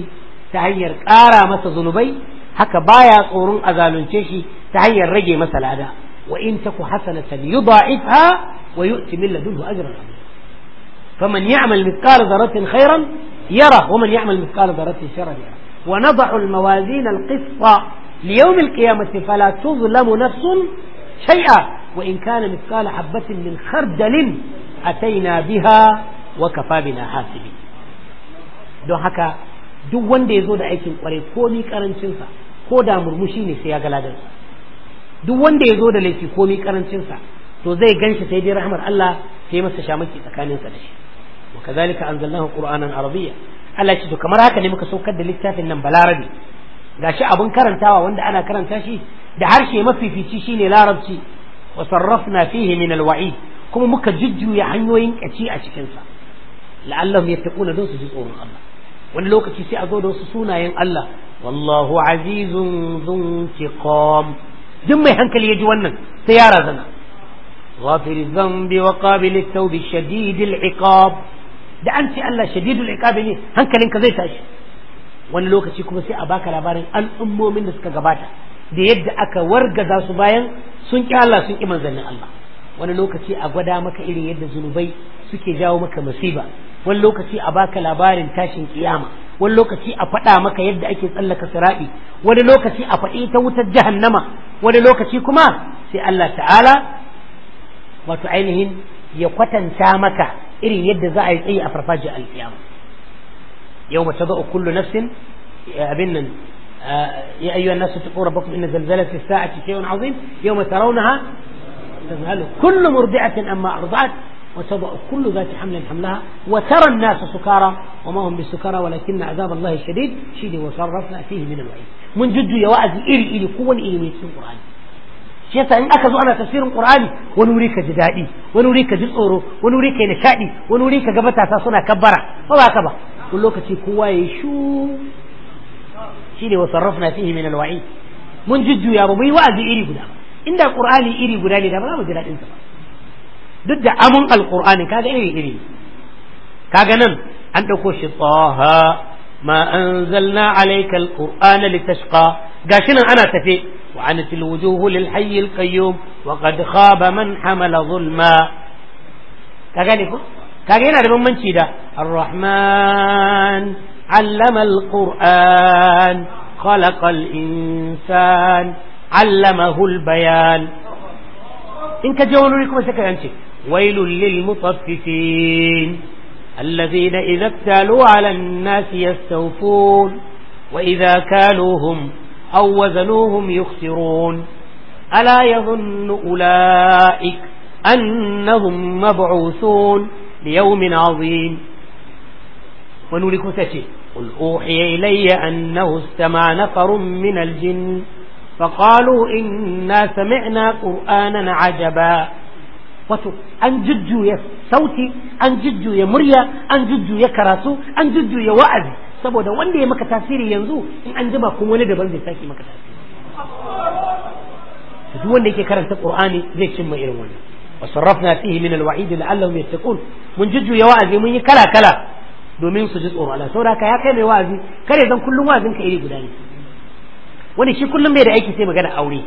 ta hanyar ƙara masa zunubai haka baya tsoron azalunce shi ta hanyar rage masa lada wa in taku hasanatan yudha'ifha wa yu'ti min ladunhu ajran faman ya'mal mithqala dharratin khairan yara wa man ya'mal mithqala dharratin sharran yara wa nadha'u al-mawazin al-qisṭa li yawm al-qiyamati fala tuzlamu nafsun shay'a wa in kana mithqala habatin min khardalin atayna biha wa kafa bina hasibi don haka duk wanda ya zo da aikin kwarai ko ni karancinsa ko da murmushi ne sai ya ga ladansa duk wanda ya zo da laifi ko ni karancinsa to zai ganshi sai dai rahmar Allah sai masa shamaki tsakaninsa da shi wa kazalika anzalnahu qur'anan arabiyya Allah ce to kamar haka ne muka saukar da littafin nan balarabi gashi abun karantawa wanda ana karanta shi da harshe mafifici shine larabci wa sarrafna fihi min alwa'id kuma muka jujjuya hanyoyin kaci a cikinsa la'allahum yattaquna don su ji tsoron Allah wani lokaci sai a zo da wasu sunayen Allah wallahu azizun zuntiqam duk mai hankali ya ji wannan sai ya razana ghafir dhanbi wa qabil at-tawb shadid al-iqab da an ce Allah shadid al-iqab ne hankalinka zai tashi wani lokaci kuma sai a baka labarin al'ummomin da suka gabata da yadda aka wargaza su bayan sun ƙyala Allah sun ƙi manzannin Allah wani lokaci a gwada maka irin yadda zunubai suke jawo maka masiba wani lokaci a baka labarin tashin kiyama wani lokaci a faɗa maka yadda ake tsallaka sira'i wani lokaci a faɗi ta wutar jahannama wani lokaci kuma sai Allah ta'ala wato ainihin ya kwatanta maka irin yadda za a yi tsayi a farfajiyar alkiyama yau mace za'u kullu nafsin abin nan يا أيها الناس اتقوا ربكم إن زلزلة الساعة شيء عظيم يوم ترونها تذهل كل murdi'atin amma أرضعت وتضع كل ذات حمل حملها وترى الناس سكارى وما هم بسكارى ولكن عذاب الله الشديد شيء وصرفنا فيه من الوعيد من جد يا وعد إلي إلي قوة إلي من القرآن shi yasa in aka zo ana tafsirin qur'ani wani wuri ka ji daɗi wani wuri ka ji tsoro wani wuri ka yi nishaɗi wani wuri ka ga matasa suna kabbara ba ba ka ba wani lokaci kowa ya shu shi ne wasu mun jujjuya ba wa'azi iri guda ba inda qur'ani iri guda ne da ba za mu ji daɗin sa ba ضد da القرآن alqur'ani kaga iri iri kaga nan an dauko ما أنزلنا عليك القرآن لتشقى قاشنا أنا تفي وعنت الوجوه للحي القيوم وقد خاب من حمل ظلما كاغانيكو كاغينا دبن منشي دا الرحمن علم القرآن خلق الإنسان علمه البيان إن كجولوا لكم سكا أنشي ويل للمطففين الذين إذا ابتالوا على الناس يستوفون وإذا كالوهم أو وزنوهم يخسرون ألا يظن أولئك أنهم مبعوثون ليوم عظيم ونولك ستي قل أوحي إلي أنه استمع نفر من الجن فقالوا إنا سمعنا قرآنا عجبا wato an jujjuya sauti an jujjuya murya an jujjuya karatu an jujjuya wa'azi saboda wanda ya maka tasiri yanzu in an jima kun wani daban zai sake maka tasiri duk wanda yake karanta qur'ani zai cimma irin wannan wa sarrafna fihi min alwa'id la'allahum yattaqun mun jujjuya wa'azi mun yi kala kala domin su ji tsoro Allah saboda ka ya kai mai wa'azi kare zan kullum wa'azin ka iri guda ne wani shi kullum bai da aiki sai magana aure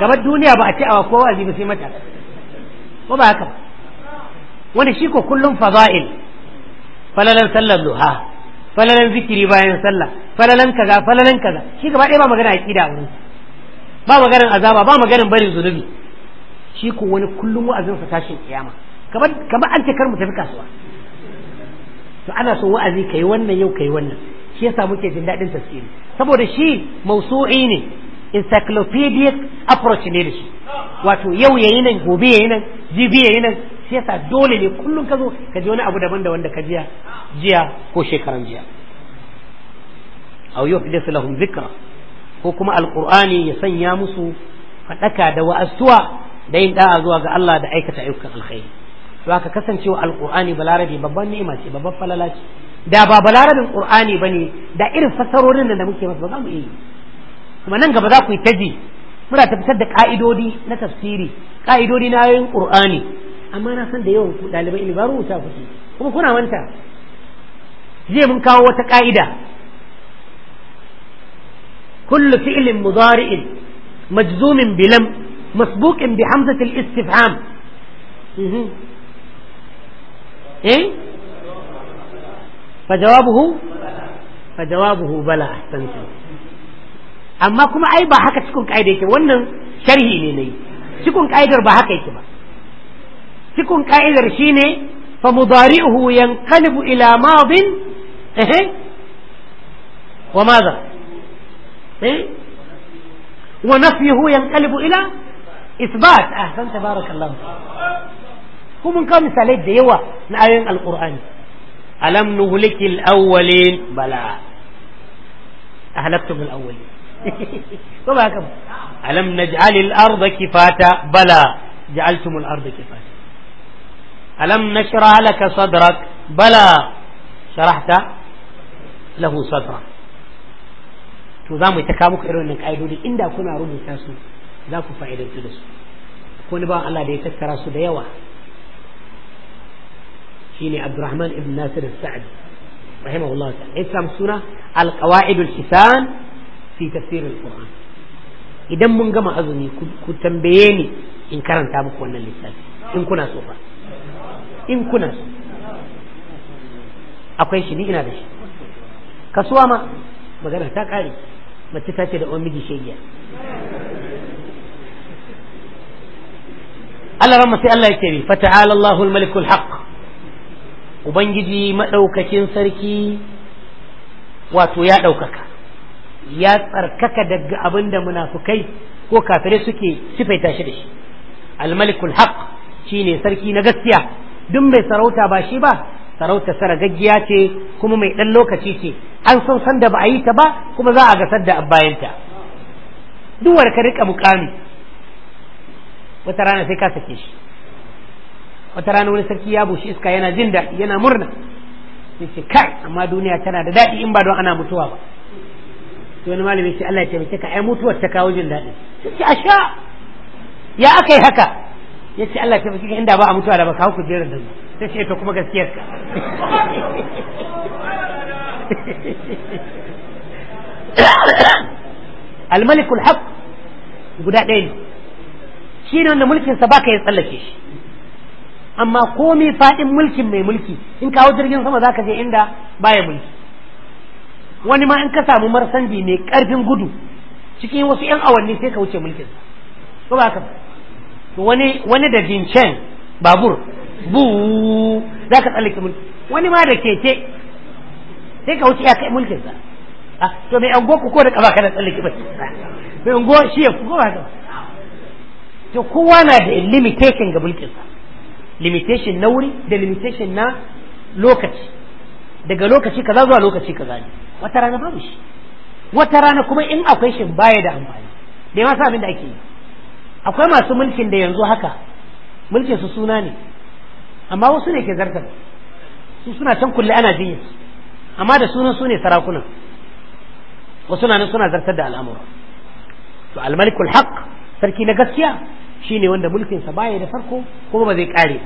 gaban duniya ba a ce awa ko kowa ba sai mata ko ba haka wani shi ko kullum fada'il falalan sallar duha falalan zikiri bayan sallah falalan kaza falalan kaza shi gaba ɗaya ba magana aqida wurin ba maganar azaba ba maganar barin zunubi shi ko wani kullum wa'azin sa tashin kiyama kamar kamar an ce kar mu tafi kasuwa to ana so wa'azi kai wannan yau kai wannan shi yasa muke jin daɗin tafsiri saboda shi mausu'i ne encyclopedic approach ne da shi wato yau yayi nan gobe yayi nan jibi yayi nan sai yasa dole ne kullum ka zo ka ji wani abu daban da wanda ka jiya jiya ko shekaran jiya aw yuhdithu lahum dhikra ko kuma alqur'ani ya sanya musu fadaka da wa'azuwa da yin da'a zuwa ga Allah da aikata ayyukan alkhairi to haka kasancewa alqur'ani balarabi babban ni'ima ce babban falala ce da ba balarabin qur'ani bane da irin fasarorin da muke masa ba za mu iya kuma nan gaba za ku yi taji muna tafitar da ka'idodi na tafsiri ka'idodi na yin qur'ani amma na san da yawan ku ɗaliban ilimi ba rubuta kuke kuma kuna manta jiya mun kawo wata ka'ida kullu fi'lin mudari'in majzumin bilam masbuqin bi hamzatil istifham mhm. eh fa jawabuhu fa jawabuhu amma kuma ai ba haka cikin ka'ida yake wannan sharhi ne nayi cikin ka'idar ba haka yake ba cikin ka'idar shine fa mudari'uhu yanqalibu ila madin eh wa madha eh wa nafyuhu yanqalibu ila isbat ahsan tabarakallah ko mun ka misalai da yawa na ayoyin alqur'ani alam nuhlikil awwalin bala ahlaktum alawwalin ko ba haka ba alam naj'alil arda kifata bala ja'altumul arda kifata alam nashrah laka sadrak bala sharahta lahu sadra to za mu yi ta kawo muku irin wannan ka'idodi inda kuna rubuta su za ku fa'idantu da su wani ba Allah da ya tattara su da yawa shine Abdurrahman ibn Nasir al-Sa'di rahimahullah ta'ala ya samu suna al-qawaid al-hisan fi tafsirin qur'an idan mun gama azumi ku tambaye ni in karanta muku wannan littafi in kuna so fa in kuna so akwai shi ni ina da shi kasuwa ma magana ta kare mace ta ce da uwan miji shegiya Allah ramma sai Allah ya ce ta'ala Allahul malikul haqq ubangiji madaukakin sarki wato ya daukaka ya tsarkaka daga abin da munafukai ko kafirai suke sifaita shi da shi almalikul haq shine sarki na gaskiya duk mai sarauta ba shi ba sarauta saragaggiya ce kuma mai ɗan lokaci ce an san sanda da ba a yi ta ba kuma za a ga sadda bayanta duk ka rika mukami wata rana sai ka sake shi wata rana wani sarki ya bushe iska yana jin daɗi yana murna sai ce kai amma duniya tana da daɗi in ba don ana mutuwa ba wani malami ce Allah ya taimake ka ai mutuwar ta kawo jin daɗi sai asha ya akai haka ya ce Allah ya taimake ka inda ba a mutuwa da ba kawo kujerar da sai ce to kuma gaskiyar ka al-malikul haq guda ɗaya ne shi ne wanda mulkin sa baka ya tsallake shi amma komai faɗin mulkin mai mulki in kawo jirgin sama za je inda baya mulki wani ma in ka samu marsanbi mai karfin gudu cikin wasu yan awanni sai ka wuce mulkin ko ba haka wani wani da dincen babur bu za ka tsallake mulki wani ma da keke sai ka wuce ya kai mulkin sa ah, to mai an ku ko da kaba kana tsallake ba mai ango shi ya ko ba haka to kowa na da limitation ga mulkin sa limitation na wuri da limitation na lokaci daga lokaci kaza zuwa lokaci kaza ne wata rana babu shi wata rana kuma in akwai shi baya da amfani da yawa abin da ake yi akwai masu mulkin da yanzu haka mulkin su suna ne amma wasu ne ke zartar su suna can kulle ana jinya amma da sunan su ne sarakunan wasu na nan suna zartar da al'amura to almalikul haq sarki na gaskiya shine wanda mulkin sa baya da farko kuma ba zai kare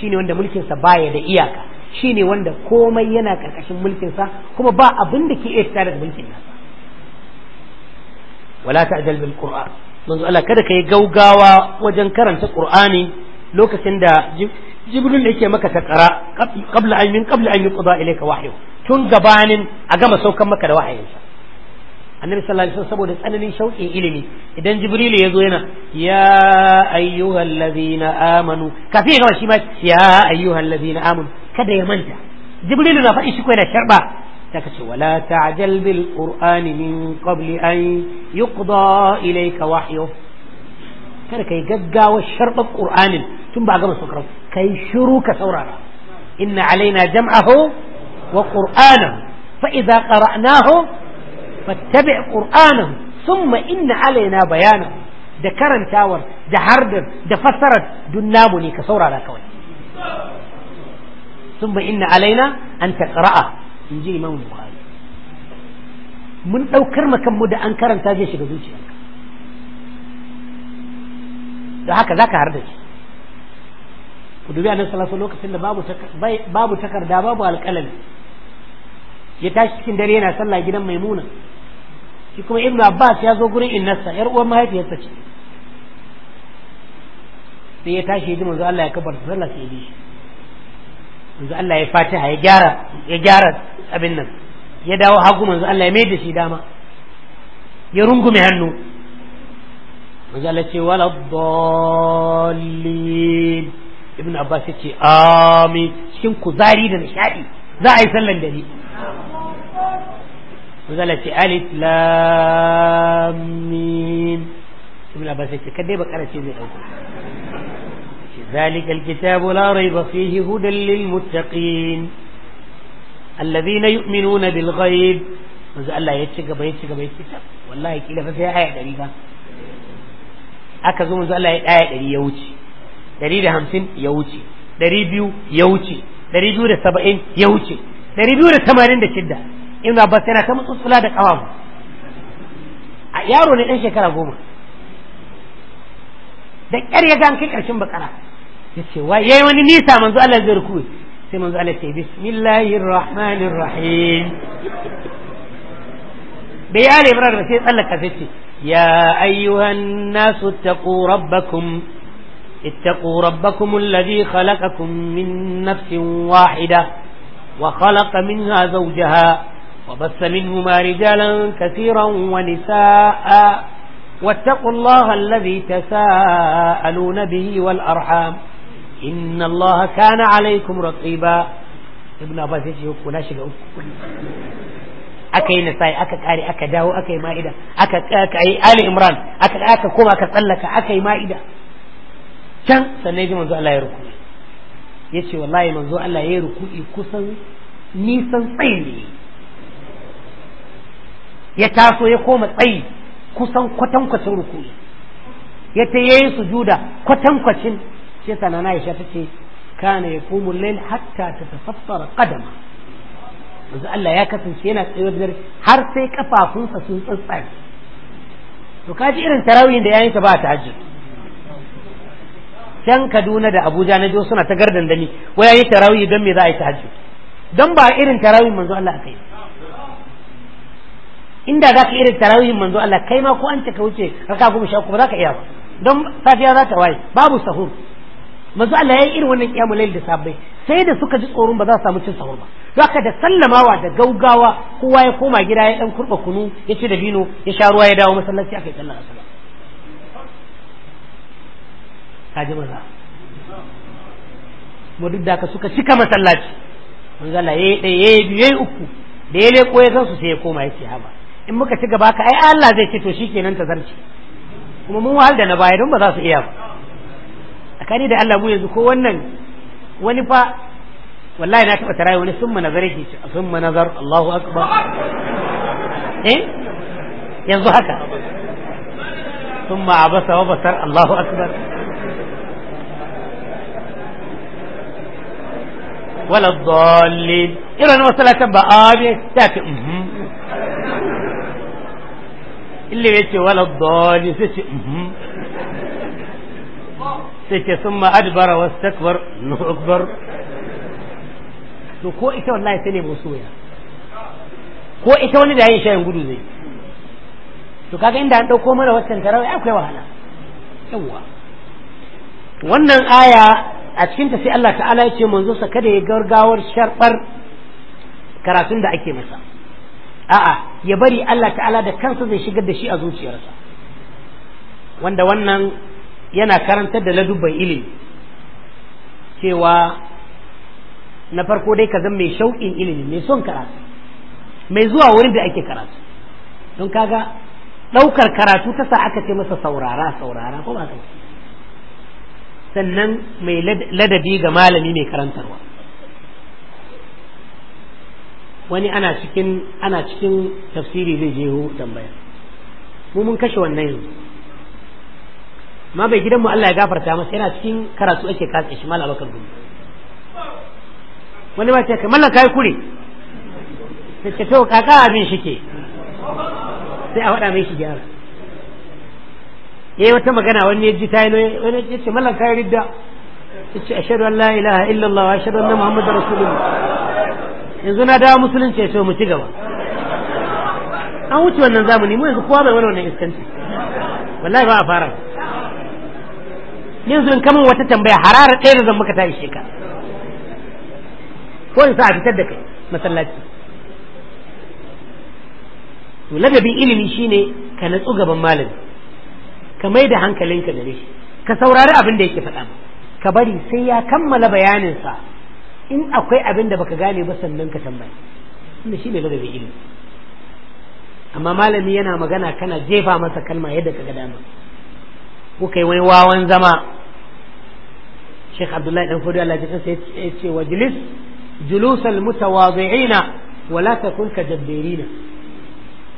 shine wanda mulkin sa baya da iyaka Shi ne wanda komai yana karkashin mulkin sa kuma ba abin da ke iya fita daga mulkin nasa wala ta'jal bil qur'an manzo Allah kada kai gaugawa wajen karanta qur'ani lokacin da jibril yake maka takara qabla an min qabla an yuqda ilayka wahyu tun gabanin a gama saukan maka da wahayinsa annabi sallallahu alaihi wasallam saboda tsananin shauƙin ilimi idan jibril ya zo yana ya ayyuhallazina amanu kafin ya gama shi ma ya ayyuhallazina amanu kada ya manta jibrilu na faɗi shi ko yana sharba ta kace wala ta'jal bil qur'ani min qabli an yuqda ilayka wahyu kada kai gaggawa sharba qur'anin tun ba gama sukar kai shiru ka saurara inna alaina jam'ahu wa qur'anahu fa idza qara'nahu fattabi' qur'anahu thumma inna alaina bayana da karantawar da hardar da fassarar dun namu ne ka saurara kawai thumma inna alaina an taqra'a in ji imam bukhari mun daukar makan mu da an karanta zai shiga zuciyarka da haka zaka har da shi ku dubi annabi sallallahu lokacin da babu takarda babu alƙalami ya tashi cikin dare yana sallah gidan maimuna shi kuma ibnu abbas ya zo gurin innarsa yar uwar mahaifiyarsa ce sai ya tashi ya ji manzo Allah ya kabar sallah sai ya bi shi yanzu Allah ya fatiha ya gyara ya gyara abin nan ya dawo hagu manzo Allah ya maida shi dama ya rungume hannu manzo Allah ce wala dallin ibn abbas ya ce amin cikin kuzari da nishadi za a yi sallan dare manzo Allah ce alif lam mim ibn abbas ya ce kadai ba karace zai dauka ذلك الكتاب لا ريب فيه هدى للمتقين الذين يؤمنون بالغيب manzo Allah ya ci gaba ya ci gaba ya ci ta wallahi kila fa sai aya ɗari ba aka zo manzo Allah ya aya ɗari ya wuce ɗari da hamsin ya wuce ɗari biyu ya wuce ɗari biyu da saba'in ya wuce ɗari biyu da tamanin da yana ta mutsutsula da ƙawamu yaro ne dan shekara goma da ya ga kai ƙarshen bakara yace wai yayi wani nisa manzo Allah zai ruku sai manzo Allah sai bismillahir rahmanir rahim bai yare ibrar da sai tsallaka sai ce ya ayyuhan nasu taqu rabbakum ittaqu اتقوا ربكم الذي خلقكم من نفس واحدة وخلق منها زوجها وبث منهما رجالا كثيرا ونساء واتقوا الله الذي تساءلون به والأرحام inna allaha kana alaikum raqiba ibn abbas ya ce ko na shiga uku aka yi nasai aka kare aka dawo aka yi ma'ida aka yi ali imran aka aka koma aka tsallaka aka yi ma'ida can sannan ji manzo Allah ya ruku ya ce wallahi manzo Allah ya yi ruku'i kusan nisan tsayi ne ya taso ya koma tsayi kusan kwatankwacin ruku'i ya ta yi sujuda kwatankwacin shi yasa na Aisha tace kana ya al-layl hatta ta tatafassara qadama manzo Allah ya kasance yana tsayo da har sai kafafunsa sun tsatsage to kaji irin tarawihin da yayin ta ba ta hajji can Kaduna da Abuja na jo suna ta gardan dani wai yayi tarawih don me za a yi ta hajji don ba irin tarawihin manzo Allah akai inda za ka irin tarawihin manzo Allah kai ma ko an ta kauce raka goma sha kuma za ka iya ba don safiya za ta waye babu sahur manzo Allah yayi irin wannan kiyamul layl da sabbai sai da suka ji tsoron ba za su samu cin sahur ba haka da sallamawa da gaugawa kowa ya koma gida ya dan kurba kunu ya ci da bino ya sha ruwa ya dawo masallaci aka yi sallar asuba ji maza mu duk da ka suka cika masallaci manzo Allah yayi da yayi biyu uku da ya leko ya san su sai ya koma ya ci haba in muka ci gaba ka ai Allah zai ce to shikenan ta zarce kuma mun wahal da na baya don ba za su iya ba tsakani da Allah mu yanzu ko wannan wani fa wallahi na taɓa tarayi wani sun manazar shi sun manazar Allahu akbar eh yanzu haka sun abasa wa basar Allahu akbar wala dallin irin masalatan ba abe ta fi ille ya ce wala dallin sai ce sai ce sun adbara wasu stakbar na akbar to ko ita wallahi sai ne musu soya ko ita wani da yayin shayin gudu zai to kaga inda an dauko mana waccan tarawa akwai wahala yawa wannan aya a cikin ta sai Allah ta'ala ya ce manzo sa kada ya gargawar sharbar karatun da ake masa a'a ya bari Allah ta'ala da kansa zai shigar da shi a zuciyarsa wanda wannan yana karantar da ladubban ilimi cewa na farko dai ka zan mai shauƙin ilimi mai son karatu mai zuwa wurin da ake karatu don kaga ɗaukar karatu ta sa aka ce masa saurara saurara ko ba ka sannan mai ladabi ga malami mai karantarwa wani ana cikin ana cikin tafsiri zai jeho tambaya mu mun kashe wannan yanzu ma bai gidan mu Allah ya gafarta masa yana cikin karatu ake katse shi mal bakar gumi wani ba ce kai mallan kai kure sai ce to kaka abin shi ke sai a wada mai shi gyara yayi wata magana wani ya ji ta yi wani ya ce mallan kai ridda sai ce ashhadu an la ilaha illallah wa ashhadu anna muhammadar rasulullah yanzu na dawo musulunci sai mu ci gaba an wuce wannan zamani mu yanzu kowa bai wani wannan iskanci wallahi ba a fara yanzu in wata tambaya harara ɗaya da zan maka ta ishe ka ko in sa a fitar da kai masallaci to ladabin ilimi shine ka natsu gaban malami ka mai da hankalinka gare shi ka saurari abin da yake faɗa ka bari sai ya kammala bayanin sa in akwai abin da baka gane ba sannan ka tambaya inda shine ladabin ilimi amma malami yana magana kana jefa masa kalma yadda ka ga dama ko kai wani wawan zama Sheikh Abdullahi dan Fodi Allah ya sai ce wajlis julusal mutawadi'ina wa la takun jabbirina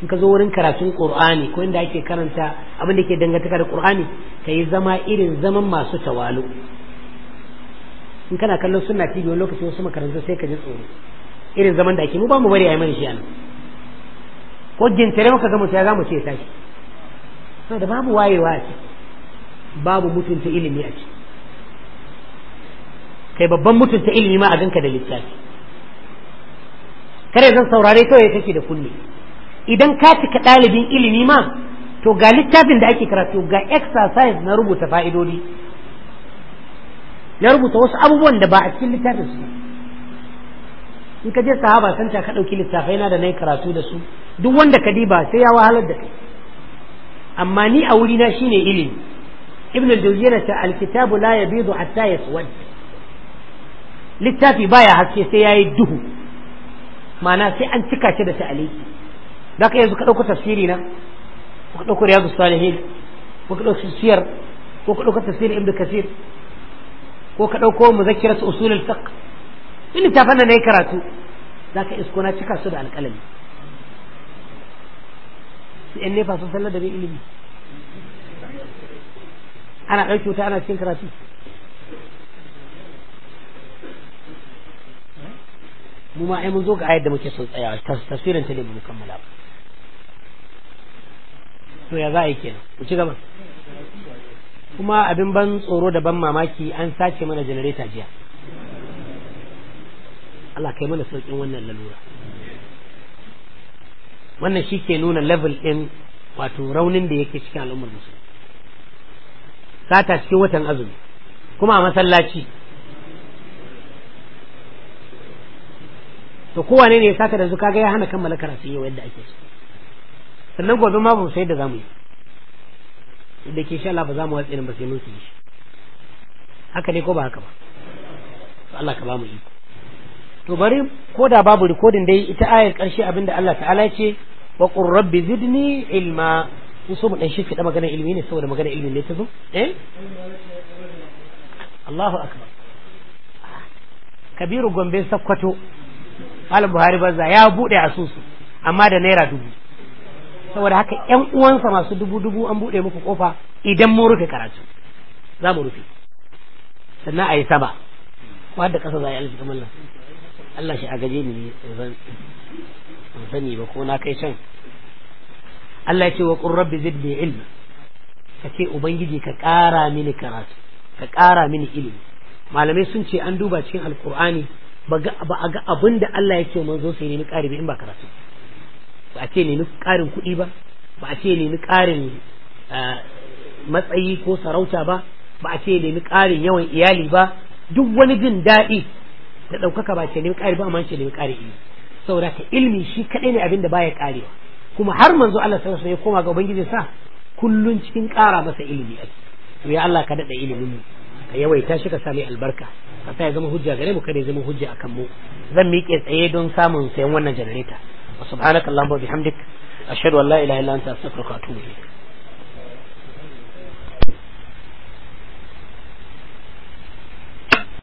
in ka zo wurin karatun Qur'ani ko inda ake karanta abin da ke dangantaka da Qur'ani kai zama irin zaman masu tawalu in kana kallon sunna TV wani lokaci wasu makarantu sai ka ji tsoro irin zaman da ake mu ba mu bari ayi mana shi anan ko gintare muka ga mutum ya zamu ce ya tashi da babu wayewa a babu mutunta ilimi a ciki kai babban mutunta ilimi ma a ganka da littafi kare zan saurare kawai kake da kunne idan ka cika ɗalibin ilimi ma to ga littafin da ake karatu ga exercise na rubuta fa'idodi na rubuta wasu abubuwan da ba a cikin littafin su in ka je sahaba san ta ka ɗauki littafai na da na karatu da su duk wanda ka diba sai ya wahalar da kai amma ni a wurina shine ilimi ibn al-jawzi yana ta alkitabu la yabidu hatta yaswad littafi baya haske sai yayi duhu ma'ana sai an cika shi da ta'aliki da ka yanzu ka ɗauko tafsiri na ko ka ɗauko riyadu salihin ko ka ɗauko siyar ko ka ɗauko tafsiri ibnu kasir ko ka ɗauko muzakkirat usul al-fiqh duk littafan da ne karatu za ka isko na cika su da alƙalami su yan nefa sun sallar da bai ilimi ana ɗauke wuta ana cikin karatu mu ma ai mun zo ga ayar da muke son tsayawa tafsirin ta ne mu kammala ba to ya za a yi kenan ku ci gaba kuma abin ban tsoro da ban mamaki an sace mana janareta jiya Allah kai mana sauƙin wannan lalura wannan shi ke nuna level ɗin wato raunin da yake cikin al'ummar musulmi sata cikin watan azumi kuma a masallaci to kowane ne ya saka da zuka ga ya hana kammala karatu yau yadda ake so sannan gobe ma ba sai da zamu yi da ke sha ba za mu watsi ba sai mun su yi haka ne ko ba haka ba Allah ka ba mu iko to bari ko da babu rikodin dai ita ayar karshe abinda Allah ta'ala ce wa qur rabbi zidni ilma in so mu dan shi fida magana ilmi ne saboda magana ilmi ne ta zo eh Allahu akbar kabiru gombe sakkwato malam buhari banza ya buɗe asusu amma da naira dubu saboda haka yan uwansa masu dubu dubu an buɗe muku kofa idan mun rufe karatu za mu rufe sannan a yi saba wadda ƙasa za a yi alfi kamar Allah shi a gaje ni ban sani ba ko na kai can Allah ya ce wa ƙun rabbi ilmi ka ce ubangiji ka ƙara mini karatu ka ƙara mini ilimi malamai sun ce an duba cikin Alƙur'ani. ba a ga abin da Allah ya ce zo sai nemi ƙari in ba karatu ba a ce nemi ƙarin kuɗi ba ba a ce nemi ƙarin ah, matsayi ko sarauta ba ba a ce nemi ƙarin yawan iyali ba duk wani jin daɗi da ɗaukaka ba ce nemi ƙari ba amma ce nemi ƙari ilimi saboda ka ilimi shi kaɗai ne abin da baya ƙarewa kuma har manzo Allah sallallahu alaihi wasallam ya koma ga ubangiji sa kullun cikin kara masa ilimi ake to ya Allah ka daɗa ilimin mu ka yawaita shi ka sami albarka ka sa ya zama hujja gare mu kada ya zama hujja akan mu zan miƙe tsaye don samun sayan wannan janareta wa subhanakallahumma bihamdik ashhadu an la ilaha illa anta astaghfiruka wa atubu ilayk